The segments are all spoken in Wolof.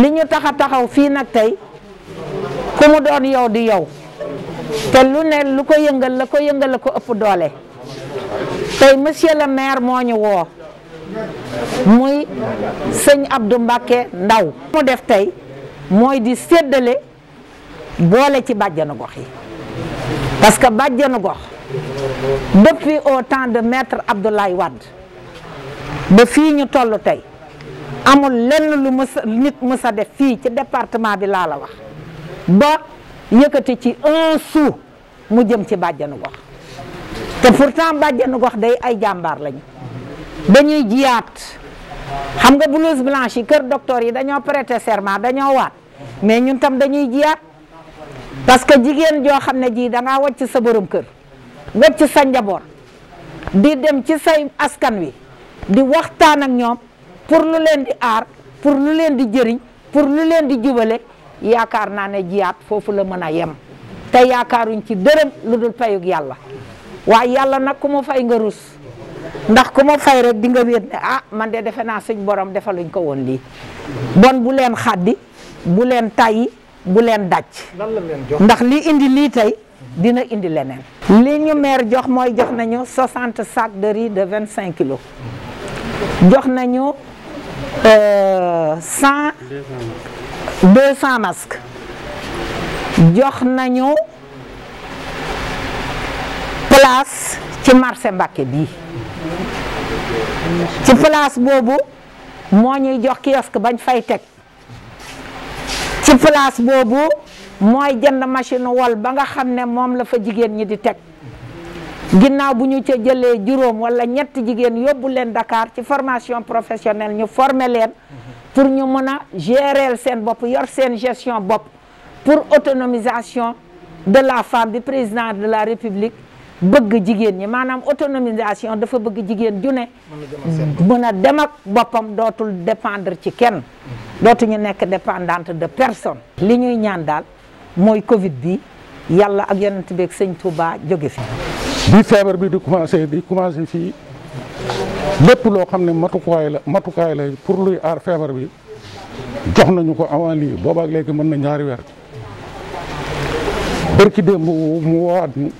li ñu tax a taxaw fii nag tey ku mu doon yow di yow te lu ne lu ko yëngal la ko yëngal la ko ëpp doole tey monsieur le maire moo ñu woo muy sëñ Abdou Mbacké Ndaw mu def tey mooy di séddale boole ci bàjjanu gox yi parce que bàjjanu gox depuis au temps de maître Abdoulaye Wade ba fii ñu toll tey amul lenn lu mës nit mës a def fii ci departement bi laa la wax ba yëkkati ci un sou mu jëm ci bàjjanu gox te pourtant bàjjanu gox day ay jàmbaar lañu dañuy jiyaat xam nga blouse blanche kër docteur yi dañoo prêter serment dañoo waat mais ñun tam dañuy jiyaat parce que jigéen joo xam ne jii da ngaa sa borom kër wàcc sa njaboot di dem ci say askan wi di waxtaan ak ñoom. pour lu leen di aar pour lu leen di jëriñ pour lu leen di jubale yaakaar naa ne jiyaat foofu la mën a yem te yaakaaruñ ci dërëm lu dul payug yàlla waaye yàlla nag ku ma fay nga rus ndax ku ma fay rek di nga wéet ne ah man de defe naa suñ borom defaluñ ko woon lii bon bu leen xaddi bu leen tayyi bu leen daj ndax li indi lii tey dina indi leneen li ñu meer jox mooy jox nañu 60 sacs de riz de 25 kilos jox nañu Euh, cent deux cent masques jox nañu place ci marché Mbàkke bii ci place boobu moo ñuy jox kiosque bañ fay teg ci place boobu mooy jënd machine wol ba nga xam ne moom la fa jigéen ñi di teg ginnaaw bu ñu ca jëlee juróom wala ñetti jigéen yóbbu leen Dakar ci formation professionnelle ñu former leen pour ñu mën a gérer seen bopp yor seen gestion bopp pour autonomisation de la femme bi président de la République bëgg jigéen ñi maanaam autonomisation dafa bëgg jigéen ju ne mën a dem ak boppam dootul dépendre ci kenn dootuñu nekk dépendante de personne li ñuy ñaan daal mooy Covid bi yàlla ak yonent bi ak sëñ Touba jóge si bi feebar bi di commencé di commencé fii lépp loo xam ne matukaay la matukaay lay pour luy aar feebar bi jox nañu ko avant lii boobaak léegi mën na ñaari weer bërki démb mu woowaat ñu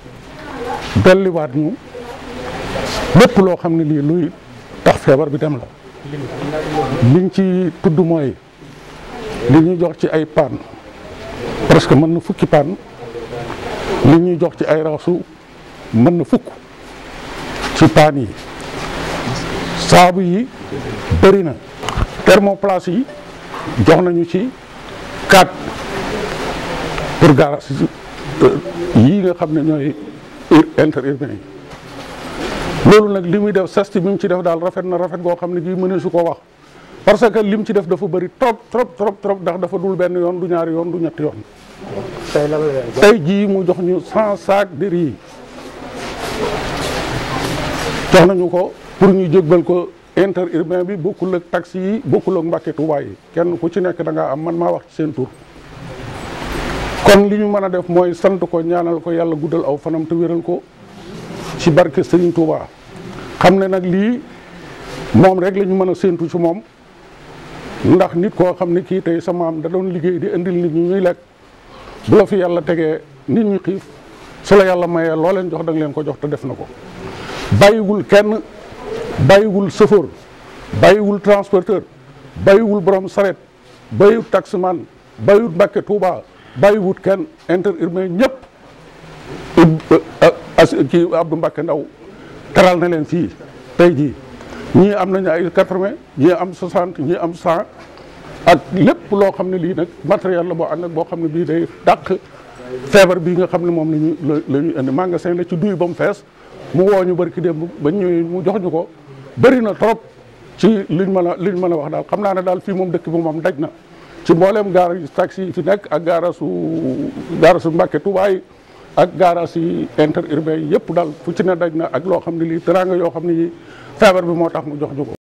delliwaat ñu lépp loo xam ne lii luy tax feebar bi dem la liñ ci tudd mooy li jox ci ay paan que mën na fukki paan li ñuy jox ci ay raxasu mën na fukk ci paan yi saabu yi bëri na thermoplace yi jox nañu ci quatre pour garage yii euh, nga xam ne ñooy interurbain yi loolu nag li muy def sasti bi mu ci def daal rafet na rafet goo xam ne gii mënee su ko wax parce que lim ci def dafa bëri trop trop trop trop ndax dafa dul benn yoon du ñaari yoon du ñetti yoon tey la tey jii mu jox ñu cent sac de riz jox nañu ko pour ñu jégbal ko interurbain bi bokkul ak taxi yi bokkul ak Mbàkke Tuubaa yi kenn ku ci nekk da am man maa wax ci seen tur. kon li ñu mën a def mooy sant ko ñaanal ko yàlla guddal aw fanam te wéral ko ci barke Sëriñ Tuubaa xam ne nag lii moom rek lañu ñu mën a séentu ci moom ndax nit koo xam ne kii tey sa maam da doon liggéey di indil nit ñu ñuy lekk. bu la fi yàlla tegee nit ñi xiif su la yàlla mayee loo leen jox da nga leen ko jox te def na ko bàyyiwul kenn bàyyiwul chauffeur bàyyiwul transporteur bàyyiwul borom saret bàyyiwul taximan bàyyiwul mbakke Tuuba bàyyiwul kenn interurbain ñëpp euh, euh, ki Abdou Mbàkke Ndaw taral na leen fii tey jii ñii am nañu ay quatre-vingts ñii am soixante ñii am cent ak lépp loo xam ne lii nag matériel la boo ànd ak boo xam ne bii day dàq feebar bii nga xam ne moom la ñu la ñuy indi magasin la ci duy ba mu fees mu woo ñu barki démb ba ñëwee mu jox ñu ko bëri na trop ci liñ mën a liñ mën a wax daal xam naa ne daal fii moom dëkk bi moom daj na ci mbooleem gaara taxi yi fi nekk ak gaara su gaara su Mbàkke Tuubaa yi ak gaara si interurbain yëpp daal fu ci ne daj na ak loo xam ne lii teraanga yoo xam ne feebar bi moo tax mu jox ñu ko